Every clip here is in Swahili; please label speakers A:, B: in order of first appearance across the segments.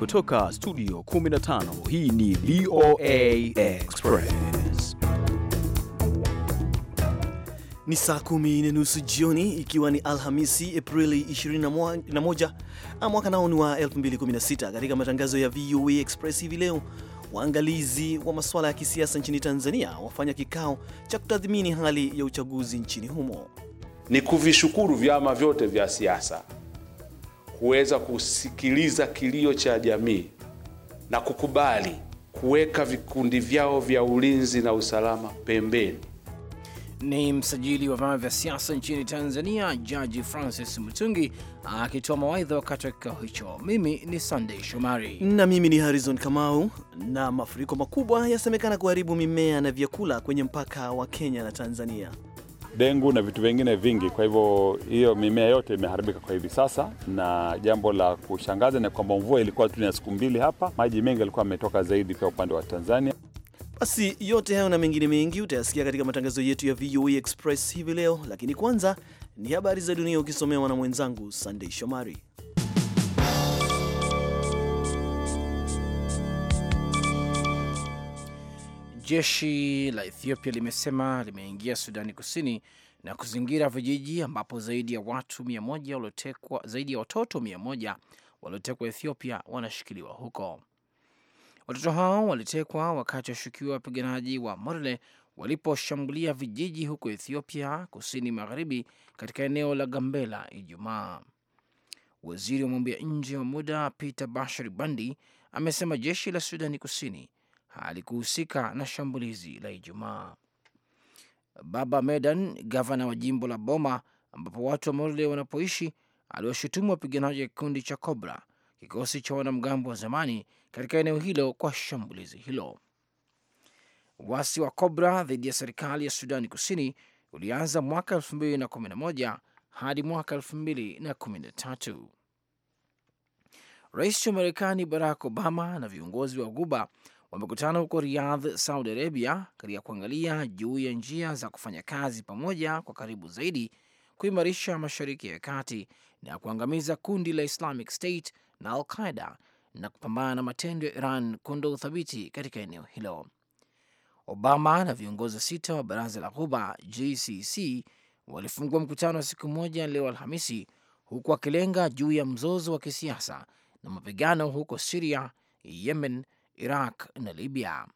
A: kutoka studio 15 hii ni VOA Express ni saa kumi na nusu jioni ikiwa ni Alhamisi Aprili 21 mwaka nao ni wa 2016 katika matangazo ya VOA Express hivi leo waangalizi wa masuala ya kisiasa nchini Tanzania wafanya kikao cha kutathmini hali ya uchaguzi nchini humo
B: ni kuvishukuru vyama vyote vya siasa kuweza kusikiliza kilio cha jamii na kukubali kuweka vikundi vyao vya ulinzi na usalama pembeni.
C: Ni msajili wa vyama vya siasa nchini Tanzania, Jaji Francis Mutungi akitoa mawaidha wakati wa kikao hicho. Mimi ni sandey Shomari
A: na mimi ni Harrison Kamau. Na mafuriko makubwa yasemekana kuharibu mimea na vyakula kwenye mpaka wa Kenya na Tanzania
B: dengu na vitu vingine vingi. Kwa hivyo hiyo mimea yote imeharibika kwa hivi sasa, na jambo la kushangaza ni kwamba mvua ilikuwa tu na siku mbili hapa, maji mengi yalikuwa yametoka zaidi pia upande wa Tanzania. Basi yote hayo na mengine mengi utayasikia katika matangazo yetu
A: ya VOA e Express hivi leo, lakini kwanza ni habari za dunia ukisomewa na mwenzangu Sandei
C: Shomari. Jeshi la Ethiopia limesema limeingia Sudani Kusini na kuzingira vijiji ambapo zaidi ya watu mia moja waliotekwa, zaidi ya watoto mia moja waliotekwa Ethiopia wanashikiliwa huko. Watoto hao walitekwa wakati washukiwa wapiganaji wa Morle waliposhambulia vijiji huko Ethiopia kusini magharibi katika eneo la Gambela Ijumaa. Waziri wa mambo ya nje wa muda Peter Bashir Bandi amesema jeshi la Sudani Kusini alikuhusika na shambulizi la Ijumaa. Baba Medan, gavana wa jimbo la Boma ambapo watu wa Morle wanapoishi, aliwashutumu wapiganaji wa kikundi cha Cobra, kikosi cha wanamgambo wa zamani katika eneo hilo, kwa shambulizi hilo. Wasi wa Cobra dhidi ya serikali ya Sudani Kusini ulianza mwaka 2011 hadi mwaka 2013. Rais wa Marekani Barack Obama na viongozi wa Guba wamekutana huko Riyadh, Saudi Arabia, katika kuangalia juu ya njia za kufanya kazi pamoja kwa karibu zaidi kuimarisha Mashariki ya Kati na kuangamiza kundi la Islamic State na Al Qaida na kupambana na matendo ya Iran kuondoa uthabiti katika eneo hilo. Obama na viongozi sita wa baraza la Ghuba GCC walifungua mkutano wa siku moja leo Alhamisi, huku akilenga juu ya mzozo wa kisiasa na mapigano huko Siria, Yemen Iraq na Libya.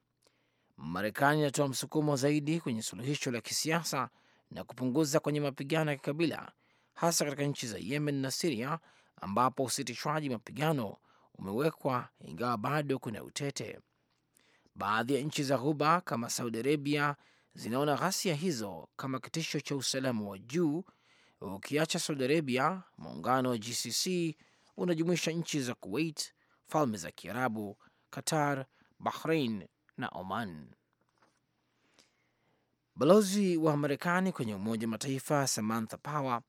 C: Marekani inatoa msukumo zaidi kwenye suluhisho la kisiasa na kupunguza kwenye mapigano ya kikabila, hasa katika nchi za Yemen na Siria ambapo usitishwaji mapigano umewekwa, ingawa bado kuna utete. Baadhi ya nchi za Ghuba kama Saudi Arabia zinaona ghasia hizo kama kitisho cha usalama wa juu. Ukiacha Saudi Arabia, muungano wa GCC unajumuisha nchi za Kuwait, Falme za Kiarabu Qatar, Bahrain na Oman. Balozi wa Marekani kwenye Umoja Mataifa Samantha Power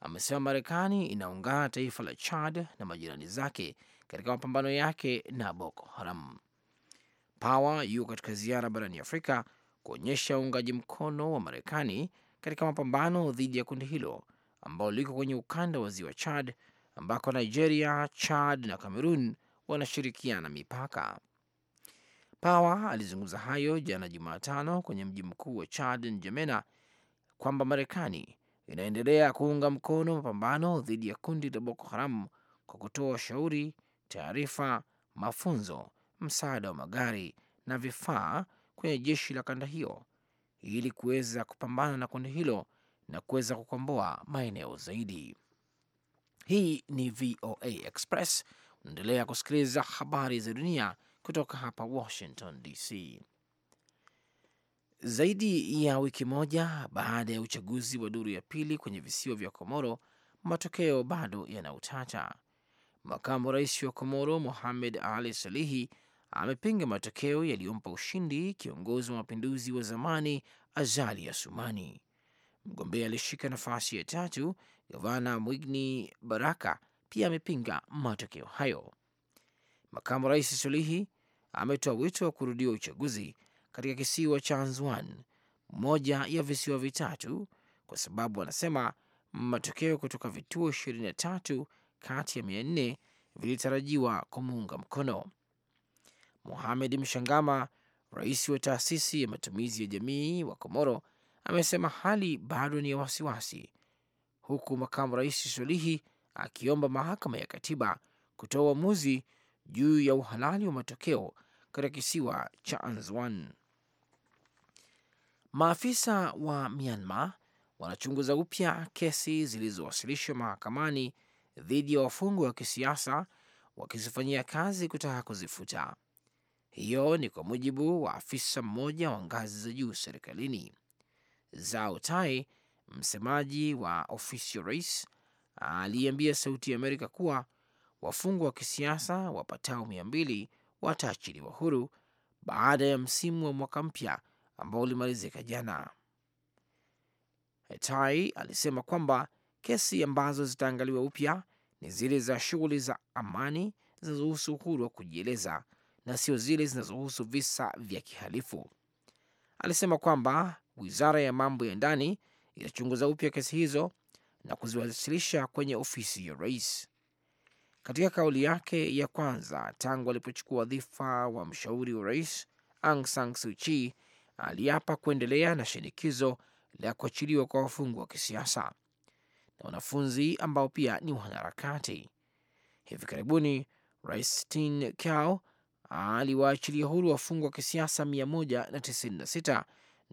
C: amesema Marekani inaungana taifa la Chad na majirani zake katika mapambano yake na Boko Haram. Power yuko katika ziara barani Afrika kuonyesha uungaji mkono wa Marekani katika mapambano dhidi ya kundi hilo ambao liko kwenye ukanda wa ziwa Chad ambako Nigeria, Chad na Cameroon wanashirikiana mipaka. Pawa alizungumza hayo jana Jumatano kwenye mji mkuu wa Chad, njemena kwamba Marekani inaendelea kuunga mkono mapambano dhidi ya kundi la Boko Haram kwa kutoa ushauri, taarifa, mafunzo, msaada wa magari na vifaa kwenye jeshi la kanda hiyo ili kuweza kupambana na kundi hilo na kuweza kukomboa maeneo zaidi. Hii ni VOA Express Naendelea kusikiliza habari za dunia kutoka hapa Washington DC. Zaidi ya wiki moja baada ya uchaguzi wa duru ya pili kwenye visiwa vya Komoro, matokeo bado yana utata. Makamu rais wa Komoro Mohamed Ali Salihi amepinga matokeo yaliyompa ushindi kiongozi wa mapinduzi wa zamani Azali sumani Mgombea alishika nafasi ya tatu, gavana Mwigni Baraka pia amepinga matokeo hayo. Makamu Rais Sulihi ametoa wito wa kurudiwa uchaguzi katika kisiwa cha Anzwan, moja ya visiwa vitatu, kwa sababu anasema matokeo kutoka vituo 23 kati ya 4 vilitarajiwa kumuunga mkono. Mohamed Mshangama, rais wa taasisi ya matumizi ya jamii wa Komoro, amesema hali bado ni ya wasiwasi, huku makamu rais Sulihi akiomba mahakama ya katiba kutoa uamuzi juu ya uhalali wa matokeo katika kisiwa cha Anzwan. Maafisa wa Myanmar wanachunguza upya kesi zilizowasilishwa mahakamani dhidi ya wafungwa wa kisiasa wakizifanyia kazi kutaka kuzifuta. Hiyo ni kwa mujibu wa afisa mmoja wa ngazi za juu serikalini. Zao Tai, msemaji wa ofisi ya rais, aliambia Sauti ya Amerika kuwa wafungwa wa kisiasa wapatao mia mbili wataachiliwa huru baada ya msimu wa mwaka mpya ambao ulimalizika jana. Hetai alisema kwamba kesi ambazo zitaangaliwa upya ni zile za shughuli za amani zinazohusu uhuru wa kujieleza na sio zile zinazohusu visa vya kihalifu. Alisema kwamba wizara ya mambo ya ndani itachunguza upya kesi hizo na kuziwasilisha kwenye ofisi ya rais. Katika kauli yake ya kwanza tangu alipochukua wadhifa wa mshauri wa rais, Aung San Suu Kyi aliapa kuendelea na shinikizo la kuachiliwa kwa wafungwa wa kisiasa na wanafunzi ambao pia ni wanaharakati. Hivi karibuni rais Tin Kao aliwaachilia huru wafungwa wa kisiasa 196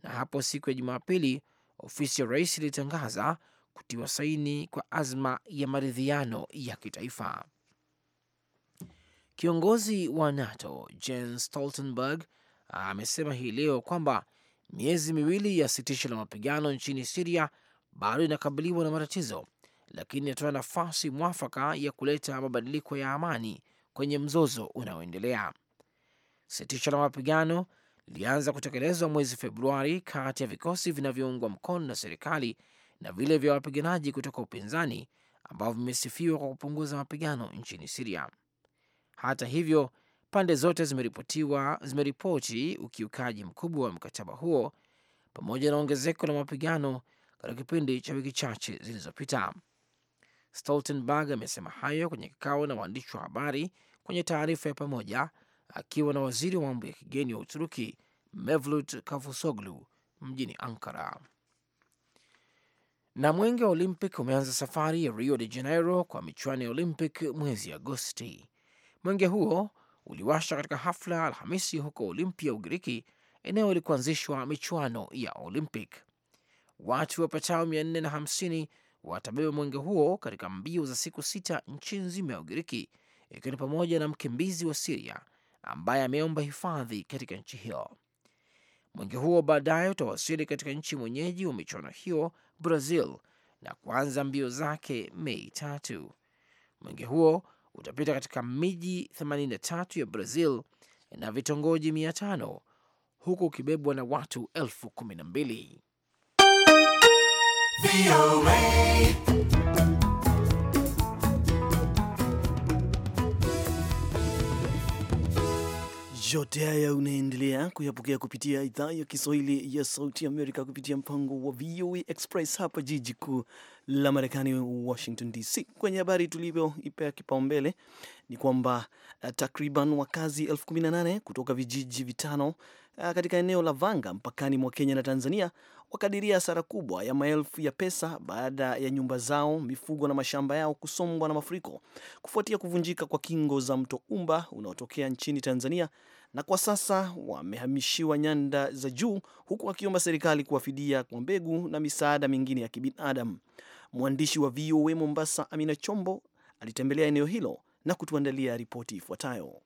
C: na hapo siku ya Jumapili ofisi ya rais ilitangaza kutiwa saini kwa azma ya maridhiano ya kitaifa. Kiongozi wa NATO Jens Stoltenberg amesema hii leo kwamba miezi miwili ya sitisho la mapigano nchini Siria bado inakabiliwa na matatizo, lakini inatoa nafasi mwafaka ya kuleta mabadiliko ya amani kwenye mzozo unaoendelea. Sitisho la mapigano lilianza kutekelezwa mwezi Februari kati ya vikosi vinavyoungwa mkono na serikali na vile vya wapiganaji kutoka upinzani ambao vimesifiwa kwa kupunguza mapigano nchini Siria. Hata hivyo, pande zote zimeripotiwa zimeripoti ukiukaji mkubwa wa mkataba huo pamoja na ongezeko la mapigano katika kipindi cha wiki chache zilizopita. Stoltenberg amesema hayo kwenye kikao na waandishi wa habari kwenye taarifa ya pamoja akiwa na waziri wa mambo ya kigeni wa Uturuki Mevlut Kavusoglu mjini Ankara. Na mwenge wa Olympic umeanza safari ya Rio de Janeiro kwa michuano ya Olympic mwezi Agosti. Mwenge huo uliwasha katika hafla Alhamisi huko Olimpia, Ugiriki, eneo ilikuanzishwa michuano ya Olympic. Watu wapatao 450 watabeba mwenge huo katika mbio za siku sita nchi nzima ya Ugiriki, ikiwa ni pamoja na mkimbizi wa Siria ambaye ameomba hifadhi katika nchi hiyo. Mwenge huo baadaye utawasili katika nchi mwenyeji wa michuano hiyo Brazil na kuanza mbio zake Mei tatu. Mwenge huo utapita katika miji 83 ya Brazil na vitongoji 500 huku ukibebwa na watu elfu kumi na mbili.
A: Yote haya unaendelea kuyapokea kupitia idhaa ya Kiswahili ya Sauti Amerika kupitia mpango wa VOA e Express hapa jiji kuu la Marekani, Washington DC. Kwenye habari tulivyoipea kipaumbele ni kwamba eh, takriban wakazi elfu kumi na nane kutoka vijiji vitano eh, katika eneo la Vanga mpakani mwa Kenya na Tanzania wakadiria hasara kubwa ya maelfu ya pesa baada ya nyumba zao, mifugo na mashamba yao kusombwa na mafuriko kufuatia kuvunjika kwa kingo za mto Umba unaotokea nchini Tanzania, na kwa sasa wamehamishiwa nyanda za juu, huku wakiomba serikali kuwafidia kwa mbegu na misaada mingine ya kibinadamu. Mwandishi wa VOA Mombasa, Amina Chombo, alitembelea eneo hilo na kutuandalia ripoti ifuatayo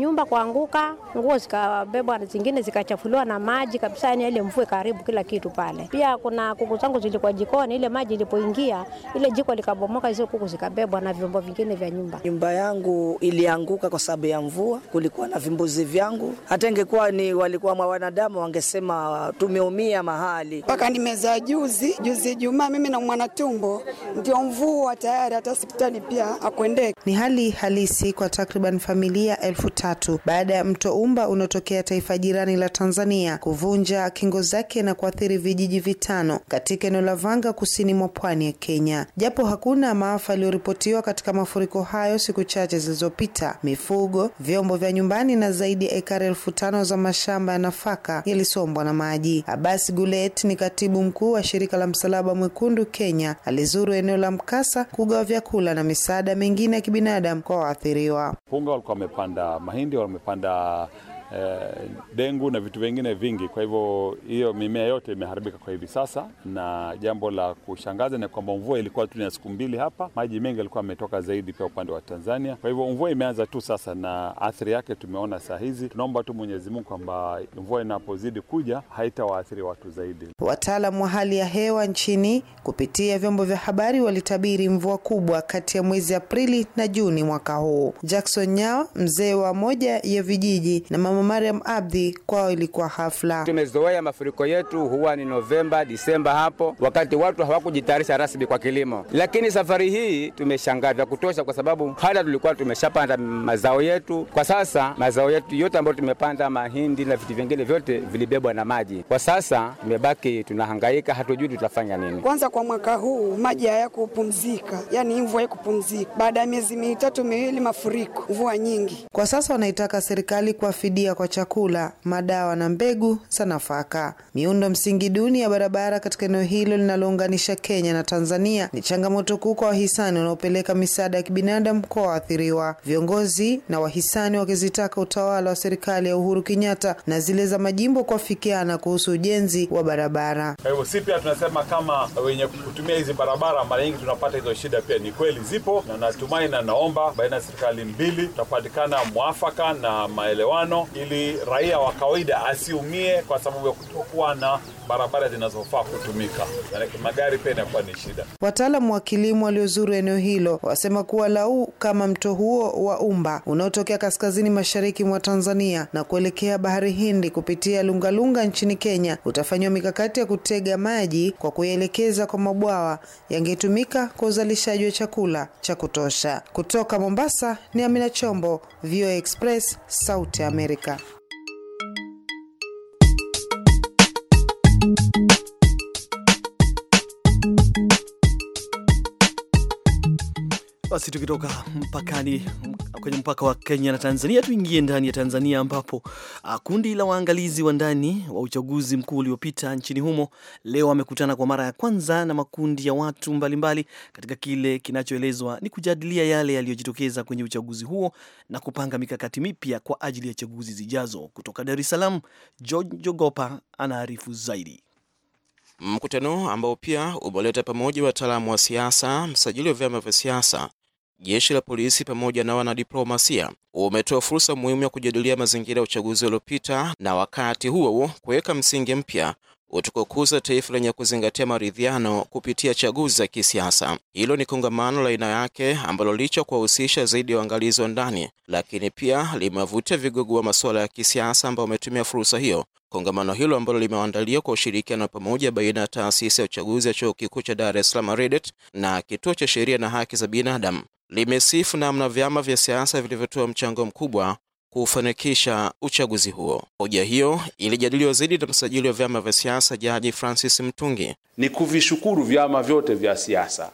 D: nyumba kuanguka, nguo zikabebwa, zingine zikachafuliwa na maji kabisa, yani ile mvua karibu kila kitu pale. Pia kuna kuku zangu zilikuwa jikoni, ile maji ilipoingia ile jiko likabomoka, hizo kuku zikabebwa na vyombo
E: vingine vya nyumba. Nyumba yangu ilianguka kwa sababu ya mvua, kulikuwa na vimbuzi vyangu. Hata ingekuwa ni walikuwa mwa wanadamu, wangesema tumeumia mahali. Mpaka nimezaa
F: juzi juzi Jumaa, mimi na mwana tumbo, ndio mvua tayari, hata hospitali pia akwendeki. Ni hali halisi kwa takriban familia elfu tatu baada ya mto Umba unaotokea taifa jirani la Tanzania kuvunja kingo zake na kuathiri vijiji vitano katika eneo la Vanga kusini mwa pwani ya Kenya. Japo hakuna maafa yaliyoripotiwa katika mafuriko hayo siku chache zilizopita, mifugo, vyombo vya nyumbani na zaidi ya ekari elfu tano za mashamba ya nafaka yalisombwa na maji. abas Gulet ni katibu mkuu wa shirika la Msalaba Mwekundu Kenya, alizuru eneo la mkasa kugawa vyakula na misaada mingine ya kibinadamu kwa waathiriwa.
B: Punga walikuwa wamepanda mahindi, wamepanda Eh, dengu na vitu vingine vingi. Kwa hivyo hiyo mimea yote imeharibika kwa hivi sasa, na jambo la kushangaza ni kwamba mvua ilikuwa tu ni siku mbili hapa, maji mengi yalikuwa yametoka zaidi pia upande wa Tanzania. Kwa hivyo mvua imeanza tu sasa na athari yake tumeona saa hizi. Tunaomba tu Mwenyezi Mungu kwamba mvua inapozidi kuja haitawaathiri watu zaidi.
F: Wataalamu wa hali ya hewa nchini kupitia vyombo vya habari walitabiri mvua kubwa kati ya mwezi Aprili na Juni mwaka huu. Jackson Nyao, mzee wa moja ya vijiji na mama Makamu Mariam Abdi, kwao ilikuwa hafla.
D: Tumezoea mafuriko yetu huwa ni Novemba, Disemba hapo, wakati watu hawakujitayarisha rasmi kwa kilimo, lakini safari hii tumeshangaa vya kutosha, kwa sababu hata tulikuwa tumeshapanda mazao yetu. Kwa sasa mazao yetu yote ambayo tumepanda, mahindi na vitu vingine vyote vilibebwa na maji. Kwa sasa tumebaki tunahangaika, hatujui tutafanya nini.
F: Kwanza kwa mwaka huu maji hayakupumzika, yani mvua haikupumzika baada ya miezi mitatu miwili mafuriko, mvua nyingi. Kwa sasa wanaitaka serikali kuwafidia kuchangia kwa chakula, madawa na mbegu za nafaka. Miundo msingi duni ya barabara katika eneo hilo linalounganisha Kenya na Tanzania ni changamoto kuu kwa wahisani wanaopeleka misaada ya kibinadamu kwa waathiriwa, viongozi na wahisani wakizitaka utawala wa serikali ya Uhuru Kenyatta na zile za majimbo kuafikiana kuhusu ujenzi wa barabara.
B: Kwa hivyo si pia tunasema kama wenye kutumia hizi barabara mara nyingi tunapata hizo shida, pia ni kweli zipo, na natumai na naomba baina ya serikali mbili tutapatikana mwafaka na maelewano ili raia wa kawaida asiumie kwa sababu ya kutokuwa na barabara zinazofaa kutumika. Magari pia inakuwa ni shida.
F: Wataalamu wa kilimo waliozuru eneo hilo wasema kuwa lau kama mto huo wa Umba unaotokea kaskazini mashariki mwa Tanzania na kuelekea bahari Hindi kupitia Lungalunga nchini Kenya utafanyiwa mikakati ya kutega maji kwa kuyaelekeza kwa mabwawa, yangetumika kwa uzalishaji wa chakula cha kutosha. Kutoka Mombasa ni Amina Chombo, VOA Express, Sauti ya Amerika. Копейка.
A: Basi tukitoka mpakani kwenye mpaka wa Kenya na Tanzania, tuingie ndani ya Tanzania ambapo ah, kundi la waangalizi wa ndani wa uchaguzi mkuu uliopita nchini humo leo wamekutana kwa mara ya kwanza na makundi ya watu mbalimbali mbali, katika kile kinachoelezwa ni kujadilia yale yaliyojitokeza kwenye uchaguzi huo na kupanga mikakati mipya kwa ajili ya chaguzi zijazo. Kutoka Dar es Salaam, George Jogopa anaarifu zaidi.
G: Mkutano ambao pia umeleta pamoja wataalamu wa siasa, msajili wa vyama vya siasa, jeshi la polisi pamoja na wanadiplomasia umetoa fursa muhimu ya kujadilia mazingira ya uchaguzi uliopita na wakati huo huo kuweka msingi mpya utakaokuza taifa lenye kuzingatia maridhiano kupitia chaguzi za kisiasa. Hilo ni kongamano la aina yake ambalo licha kuwahusisha zaidi ya waangalizi wa ndani, lakini pia limewavutia vigogo wa masuala ya kisiasa ambao wametumia fursa hiyo. Kongamano hilo ambalo limeandaliwa kwa ushirikiano pamoja baina ya taasisi ya uchaguzi ya chuo kikuu cha Dar es Salaam REDET na kituo cha sheria na haki za binadamu limesifu namna vyama vya siasa vilivyotoa mchango mkubwa kufanikisha uchaguzi huo. Hoja hiyo ilijadiliwa zaidi na msajili wa vyama vya siasa Jaji Francis Mtungi.
B: Ni kuvishukuru vyama vyote vya siasa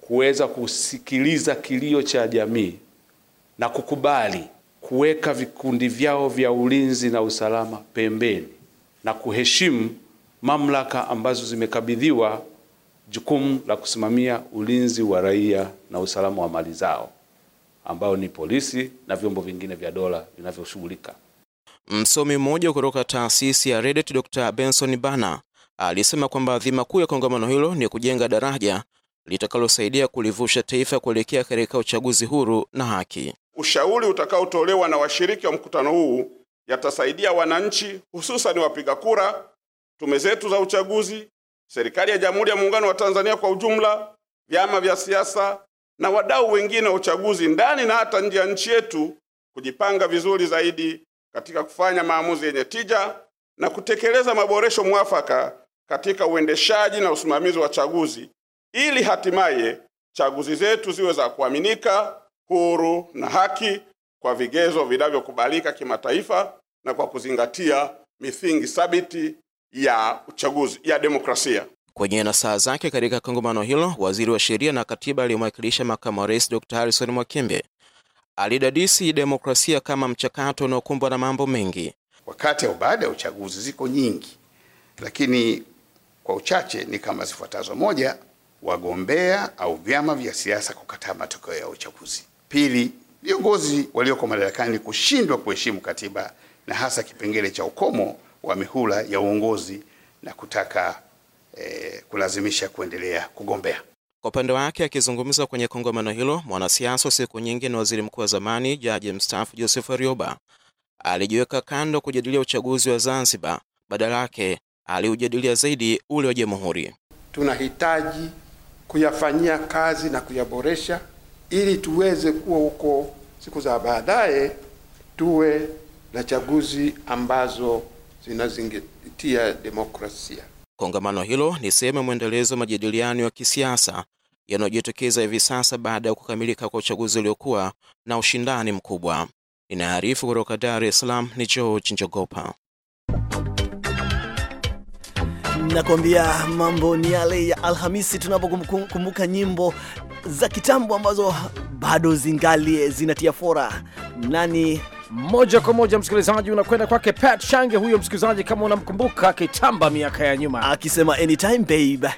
B: kuweza kusikiliza kilio cha jamii na kukubali kuweka vikundi vyao vya ulinzi na usalama pembeni na kuheshimu mamlaka ambazo zimekabidhiwa jukumu la kusimamia ulinzi wa raia na usalama wa mali zao ambao ni polisi na vyombo vingine vya dola vinavyoshughulika.
G: Msomi mmoja kutoka taasisi ya Reddit, Dr. Benson Bana alisema kwamba dhima kuu ya kongamano hilo ni kujenga daraja litakalosaidia kulivusha taifa kuelekea katika uchaguzi huru na haki.
D: Ushauri utakaotolewa na washiriki wa mkutano huu yatasaidia wananchi, hususan wapiga kura, tume zetu za uchaguzi serikali ya Jamhuri ya Muungano wa Tanzania kwa ujumla, vyama vya siasa na wadau wengine wa uchaguzi ndani na hata nje ya nchi yetu kujipanga vizuri zaidi katika kufanya maamuzi yenye tija na kutekeleza maboresho mwafaka katika uendeshaji na usimamizi wa chaguzi ili hatimaye chaguzi zetu ziwe za kuaminika, huru na haki kwa vigezo vinavyokubalika kimataifa na kwa kuzingatia misingi thabiti ya uchaguzi ya demokrasia.
G: Kwenye nasaha zake katika kongamano hilo, waziri wa sheria na katiba aliyemwakilisha makamu wa rais Dr. harison mwakembe alidadisi demokrasia kama mchakato unaokumbwa na mambo mengi.
D: Wakati au baada ya uchaguzi ziko nyingi, lakini kwa uchache ni kama zifuatazo: moja, wagombea au vyama vya siasa kukataa matokeo ya uchaguzi; pili, viongozi walioko madarakani kushindwa kuheshimu katiba na hasa kipengele cha ukomo wa mihula ya uongozi na kutaka eh, kulazimisha kuendelea kugombea.
G: Kwa upande wake, akizungumza kwenye kongamano hilo, mwanasiasa siku nyingi na waziri mkuu wa zamani jaji mstaafu Joseph Warioba alijiweka kando kujadilia uchaguzi wa Zanzibar, badala yake aliujadilia zaidi ule wa Jamhuri.
D: Tunahitaji kuyafanyia kazi na kuyaboresha ili tuweze kuwa huko siku za baadaye tuwe na chaguzi ambazo zinazingatia demokrasia.
G: Kongamano hilo ni sehemu ya mwendelezo wa majadiliano ya kisiasa yanayojitokeza hivi sasa baada ya kukamilika kwa uchaguzi uliokuwa na ushindani mkubwa. Inaarifu kutoka Dar es Salaam ni George Njogopa.
A: Nakwambia mambo ni yale ya Alhamisi tunapokumbuka nyimbo za kitambo ambazo bado zingali zinatia fora. Nani moja kwa moja msikilizaji, unakwenda kwake Pat Shange, huyo msikilizaji, kama unamkumbuka, akitamba miaka ya nyuma akisema anytime babe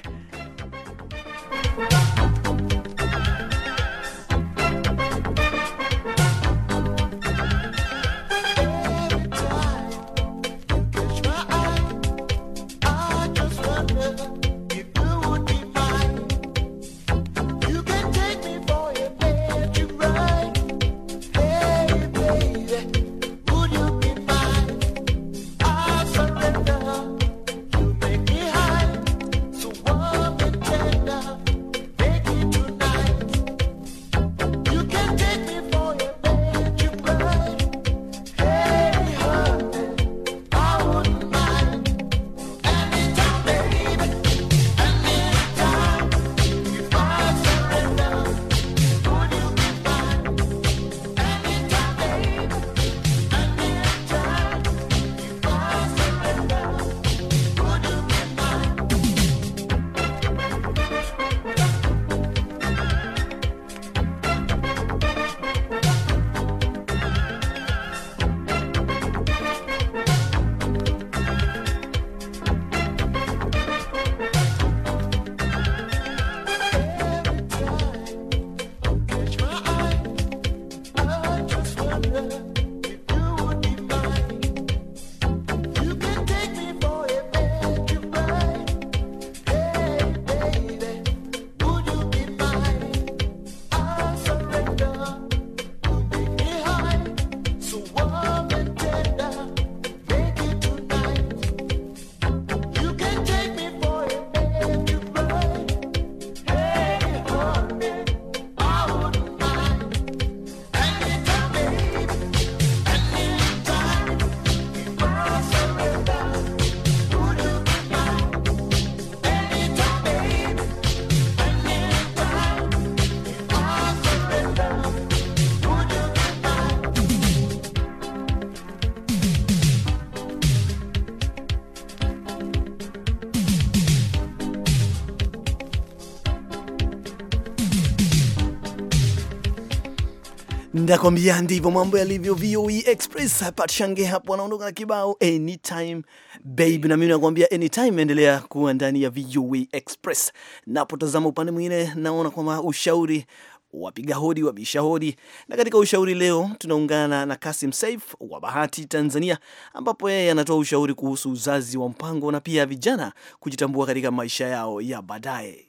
A: Ndakwambia ndivyo mambo yalivyo. VOE Express hapa Shange hapo anaondoka na kibao anytime babe, na mimi nakwambia anytime. Endelea kuwa ndani ya VOE Express. Napotazama upande mwingine, naona kwamba ushauri wapiga hodi, wabisha hodi. Na katika ushauri leo tunaungana na Kasim Saif wa Bahati Tanzania, ambapo yeye anatoa ushauri kuhusu uzazi wa mpango na pia vijana kujitambua katika maisha
E: yao ya baadaye.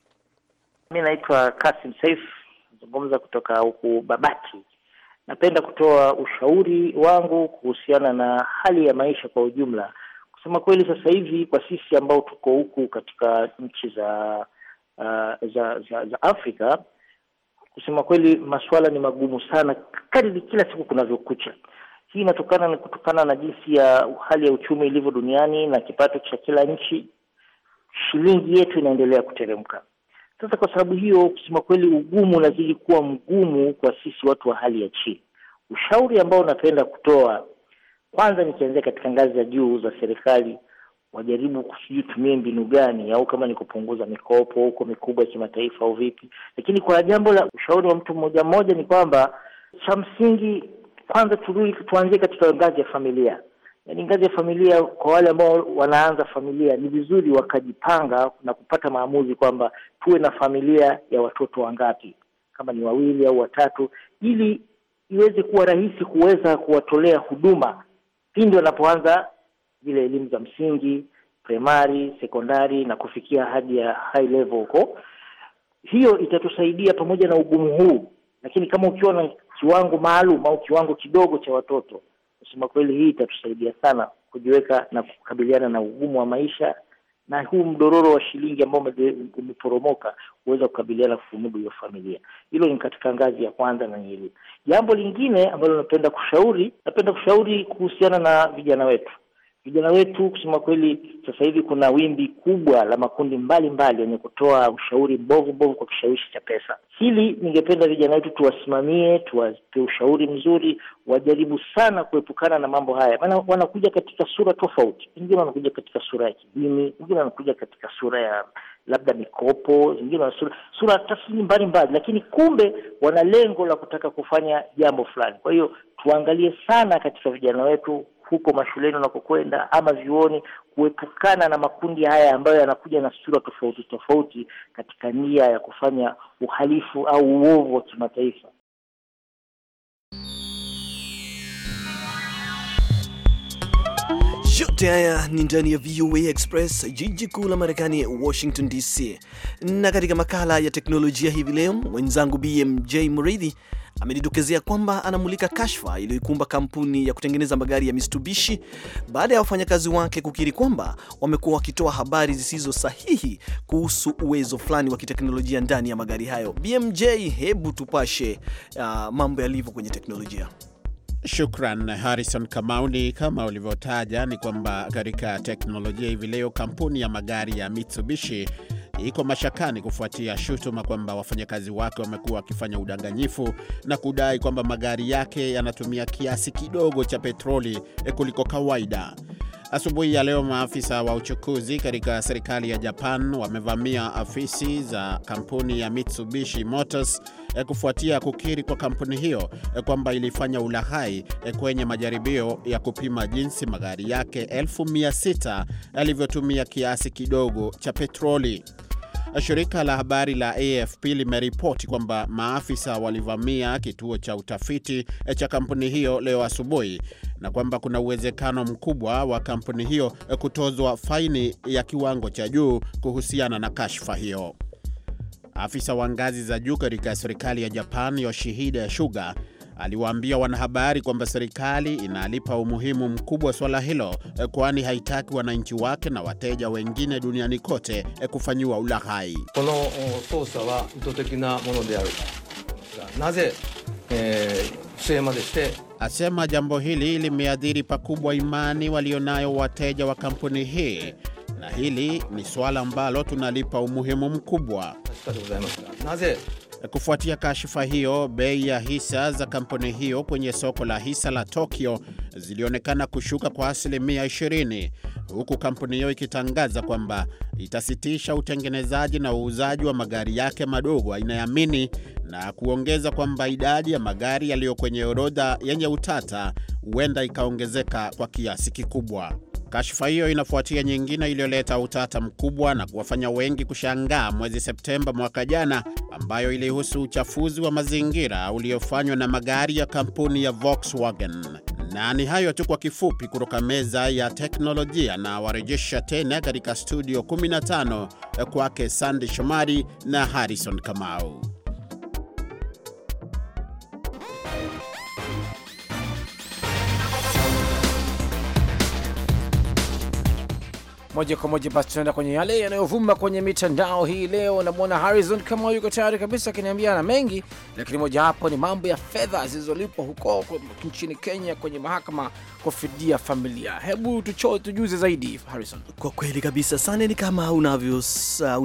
E: Mi naitwa Kasim Saif, nazungumza kutoka huku Babati Napenda kutoa ushauri wangu kuhusiana na hali ya maisha kwa ujumla. Kusema kweli, sasa hivi kwa sisi ambao tuko huku katika nchi za, uh, za za za Afrika, kusema kweli, masuala ni magumu sana kadiri kila siku kunavyokucha. Hii inatokana ni kutokana na jinsi ya hali ya uchumi ilivyo duniani na kipato cha kila nchi. Shilingi yetu inaendelea kuteremka sasa kwa sababu hiyo, kusema kweli, ugumu unazidi kuwa mgumu kwa sisi watu wa hali ya chini. Ushauri ambao unapenda kutoa, kwanza, nikianzia katika ngazi za juu za serikali, wajaribu kusijui tumie mbinu gani, au kama ni kupunguza mikopo huko mikubwa ya kimataifa au vipi. Lakini kwa jambo la ushauri wa mtu mmoja mmoja ni kwamba cha msingi, kwanza turudi, tuanzie katika ngazi ya familia yani ngazi ya familia. Kwa wale ambao wanaanza familia, ni vizuri wakajipanga na kupata maamuzi kwamba tuwe na familia ya watoto wangapi, kama ni wawili au watatu, ili iweze kuwa rahisi kuweza kuwatolea huduma pindi wanapoanza zile elimu za msingi, primary, sekondari na kufikia hadi ya high level huko. Hiyo itatusaidia pamoja na ugumu huu, lakini kama ukiwa na kiwango maalum au kiwango kidogo cha watoto Kusema kweli, hii itatusaidia sana kujiweka na kukabiliana na ugumu wa maisha na huu mdororo wa shilingi ambao umeporomoka huweza kukabiliana kumudu hiyo familia. Hilo ni katika ngazi ya kwanza na nyingine. Jambo lingine ambalo napenda kushauri, napenda kushauri kuhusiana na vijana wetu. Vijana wetu kusema kweli, sasa hivi kuna wimbi kubwa la makundi mbalimbali yenye kutoa ushauri mbovu mbovu kwa kishawishi cha pesa. Hili ningependa vijana wetu tuwasimamie, tuwape ushauri mzuri, wajaribu sana kuepukana na mambo haya, maana wanakuja katika sura tofauti. Wengine wanakuja katika sura ya kidini, wengine wanakuja katika sura ya labda mikopo, zingine wana sura sura mbalimbali, lakini kumbe wana lengo la kutaka kufanya jambo fulani. Kwa hiyo tuangalie sana katika vijana wetu huko mashuleni unakokwenda ama vioni kuepukana na makundi haya ambayo yanakuja na sura tofauti tofauti katika nia ya kufanya uhalifu au uovu wa kimataifa.
A: Yote haya ni ndani ya VOA Express, jiji kuu la Marekani, Washington DC. Na katika makala ya teknolojia hivi leo, mwenzangu BMJ Muridhi amenidokezea kwamba anamulika kashfa iliyoikumba kampuni ya kutengeneza magari ya Mitsubishi baada ya wafanyakazi wake kukiri kwamba wamekuwa wakitoa habari zisizo sahihi kuhusu uwezo fulani wa kiteknolojia ndani ya magari hayo. BMJ, hebu tupashe uh,
D: mambo yalivyo kwenye teknolojia. Shukran Harrison Kamauni. Kama ulivyotaja, ni kwamba katika teknolojia hivi leo kampuni ya magari ya Mitsubishi iko mashakani kufuatia shutuma kwamba wafanyakazi wake wamekuwa wakifanya udanganyifu na kudai kwamba magari yake yanatumia kiasi kidogo cha petroli eh, kuliko kawaida. Asubuhi ya leo maafisa wa uchukuzi katika serikali ya Japan wamevamia afisi za kampuni ya Mitsubishi Motors e, kufuatia kukiri kwa kampuni hiyo e, kwamba ilifanya ulahai e, kwenye majaribio ya kupima jinsi magari yake elfu mia sita yalivyotumia kiasi kidogo cha petroli. Shirika la habari la AFP limeripoti kwamba maafisa walivamia kituo cha utafiti eh, cha kampuni hiyo leo asubuhi na kwamba kuna uwezekano mkubwa wa kampuni hiyo eh, kutozwa faini ya kiwango cha juu kuhusiana na kashfa hiyo. Afisa wa ngazi za juu katika serikali ya Japan, Yoshihide Suga, aliwaambia wanahabari kwamba serikali inalipa umuhimu mkubwa swala hilo, eh, kwani haitaki wananchi wake na wateja wengine duniani kote eh, kufanyiwa ulaghai. Eh, Asema jambo hili limeathiri pakubwa imani walionayo wateja wa kampuni hii na hili ni swala ambalo tunalipa umuhimu mkubwa. Kufuatia kashifa hiyo, bei ya hisa za kampuni hiyo kwenye soko la hisa la Tokyo zilionekana kushuka kwa asilimia 20 huku kampuni hiyo ikitangaza kwamba itasitisha utengenezaji na uuzaji wa magari yake madogo aina ya Mini na kuongeza kwamba idadi ya magari yaliyo kwenye orodha yenye utata huenda ikaongezeka kwa kiasi kikubwa. Kashfa hiyo inafuatia nyingine iliyoleta utata mkubwa na kuwafanya wengi kushangaa mwezi Septemba mwaka jana, ambayo ilihusu uchafuzi wa mazingira uliofanywa na magari ya kampuni ya Volkswagen. Na ni hayo tu kwa kifupi kutoka meza ya teknolojia, na warejesha tena katika studio 15 eh, kwake Sandy Shomari na Harrison Kamau.
C: moja kwa moja basi tunaenda kwenye yale yanayovuma kwenye mitandao hii leo. Namwona Harrison kama yuko tayari kabisa, akiniambiana mengi, lakini moja hapo ni mambo ya fedha zilizolipwa huko nchini Kenya kwenye mahakama kufidia familia. Hebu tucho, tujuze zaidi Harrison.
A: Kwa kweli kabisa sane, ni kama unavyoelezea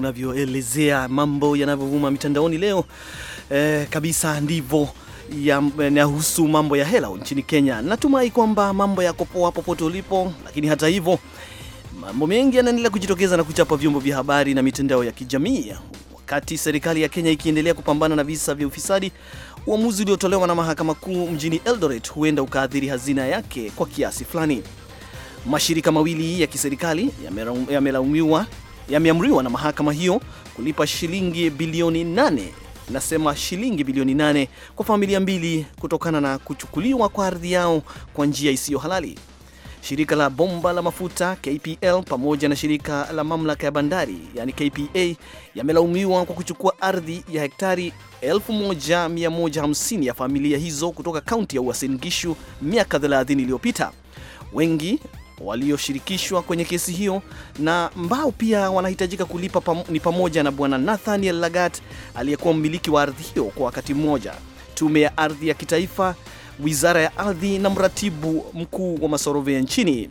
A: unavyo mambo yanavyovuma mitandaoni leo eh, kabisa ndivyo yanahusu mambo ya hela nchini Kenya. Natumai kwamba mambo yako poa popote ulipo, lakini hata hivyo Mambo mengi yanaendelea kujitokeza na kuchapa vyombo vya habari na mitandao ya kijamii wakati serikali ya Kenya ikiendelea kupambana na visa vya ufisadi. Uamuzi uliotolewa na mahakama kuu mjini Eldoret huenda ukaathiri hazina yake kwa kiasi fulani. Mashirika mawili ya kiserikali yamelaumiwa yameamriwa na mahakama hiyo kulipa shilingi bilioni nane nasema shilingi bilioni nane kwa familia mbili kutokana na kuchukuliwa kwa ardhi yao kwa njia isiyo halali shirika la bomba la mafuta KPL pamoja na shirika la mamlaka ya bandari yani KPA yamelaumiwa kwa kuchukua ardhi ya hektari 1150 ya familia hizo kutoka kaunti ya Uasin Gishu miaka 30 iliyopita. Wengi walioshirikishwa kwenye kesi hiyo na ambao pia wanahitajika kulipa pam, ni pamoja na bwana Nathaniel Lagat aliyekuwa mmiliki wa ardhi hiyo kwa wakati mmoja. Tume ya ardhi ya kitaifa wizara ya ardhi na mratibu mkuu wa masorovea nchini.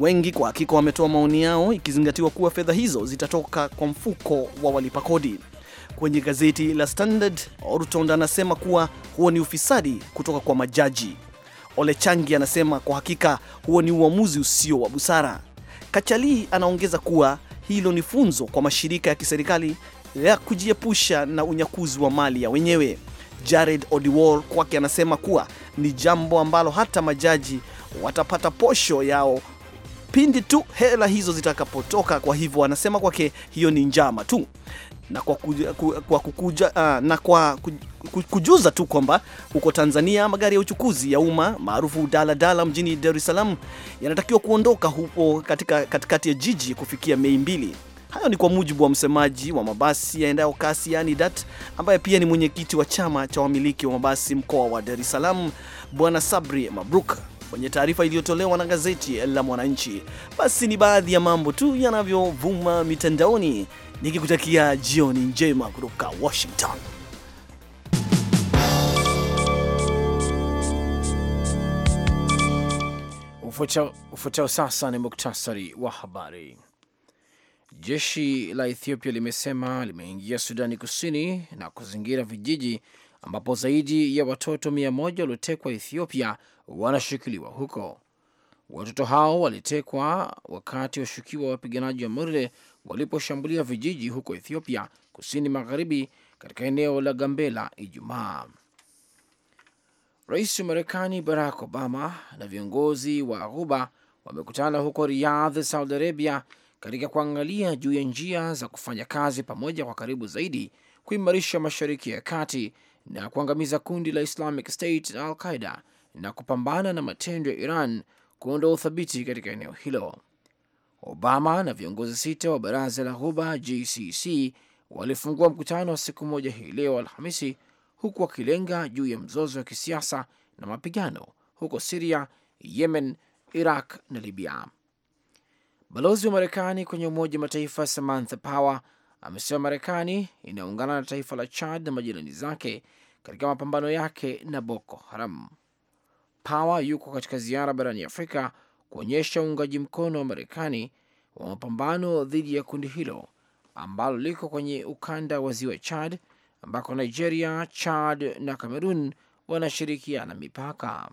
A: Wengi kwa hakika wametoa maoni yao, ikizingatiwa kuwa fedha hizo zitatoka kwa mfuko wa walipa kodi. Kwenye gazeti la Standard, Ortond anasema kuwa huo ni ufisadi kutoka kwa majaji. Ole Changi anasema kwa hakika huo ni uamuzi usio wa busara. Kachali anaongeza kuwa hilo ni funzo kwa mashirika ya kiserikali ya kujiepusha na unyakuzi wa mali ya wenyewe. Jared Odiwuor kwake anasema kuwa ni jambo ambalo hata majaji watapata posho yao pindi tu hela hizo zitakapotoka. Kwa hivyo anasema kwake hiyo ni njama tu na kwa, kuja, kwa, kukuja, uh, na kwa kujuza tu kwamba huko Tanzania magari ya uchukuzi ya umma maarufu daladala mjini Dar es Salaam yanatakiwa kuondoka huko katika katikati ya jiji kufikia Mei mbili. Hayo ni kwa mujibu wa msemaji wa mabasi yaendayo kasi, yani DAT, ambaye pia ni mwenyekiti wa chama cha wamiliki wa mabasi mkoa wa Dar es Salaam, Bwana Sabri Mabruk, kwenye taarifa iliyotolewa na gazeti la Mwananchi. Basi ni baadhi ya mambo tu yanavyovuma mitandaoni, nikikutakia jioni njema kutoka Washington.
C: Ufuatao sasa ni muktasari wa habari. Jeshi la Ethiopia limesema limeingia Sudani Kusini na kuzingira vijiji ambapo zaidi ya watoto mia moja waliotekwa Ethiopia wanashikiliwa huko. Watoto hao walitekwa wakati washukiwa wapiganaji wa Murle waliposhambulia vijiji huko Ethiopia kusini magharibi katika eneo la Gambela Ijumaa. Rais wa Marekani Barack Obama na viongozi wa Ghuba wamekutana huko Riyadh, Saudi Arabia katika kuangalia juu ya njia za kufanya kazi pamoja kwa karibu zaidi kuimarisha Mashariki ya Kati na kuangamiza kundi la Islamic State na Al-Qaida na kupambana na matendo ya Iran kuondoa uthabiti katika eneo hilo. Obama na viongozi sita wa Baraza la Ghuba GCC walifungua mkutano wa siku moja hii leo Alhamisi, huku wakilenga juu ya mzozo wa kisiasa na mapigano huko Siria, Yemen, Iraq na Libya. Balozi wa Marekani kwenye Umoja wa Mataifa Samantha Power amesema Marekani inaungana na taifa la Chad na majirani zake katika mapambano yake na Boko Haram. Power yuko katika ziara barani Afrika kuonyesha uungaji mkono wa Marekani wa mapambano dhidi ya kundi hilo ambalo liko kwenye ukanda wa ziwa Chad ambako Nigeria, Chad na Cameroon wanashirikiana mipaka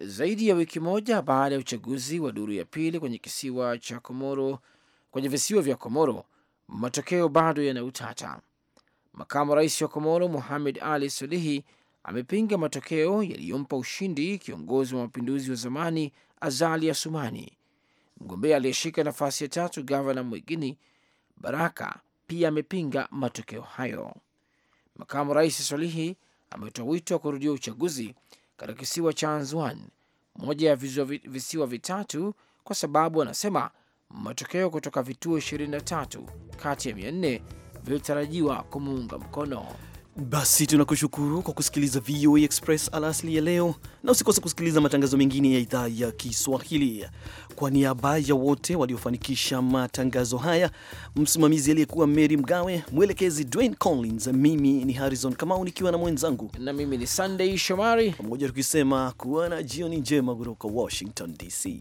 C: zaidi ya wiki moja baada ya uchaguzi wa duru ya pili kwenye kisiwa cha Komoro, kwenye visiwa vya Komoro, matokeo bado yana utata. Makamu rais wa Komoro Muhamed Ali Solihi amepinga matokeo yaliyompa ushindi kiongozi wa mapinduzi wa zamani Azali Asumani. Mgombea aliyeshika nafasi ya tatu, gavana Mwigini Baraka, pia amepinga matokeo hayo. Makamu rais Solihi ametoa wito wa kurudia uchaguzi katika kisiwa cha Anzuan, moja ya visiwa vitatu, kwa sababu anasema matokeo kutoka vituo 23 kati ya 400 vilitarajiwa kumuunga mkono.
A: Basi tunakushukuru kwa kusikiliza VOA Express alasli ya leo, na usikose kusikiliza matangazo mengine ya idhaa ya Kiswahili. Kwa niaba ya wote waliofanikisha matangazo haya, msimamizi aliyekuwa Mary Mgawe, mwelekezi Dwayne Collins, mimi ni Harrison Kamau nikiwa na mwenzangu, na mimi ni Sunday Shomari, pamoja tukisema kuwa na jioni njema kutoka Washington DC.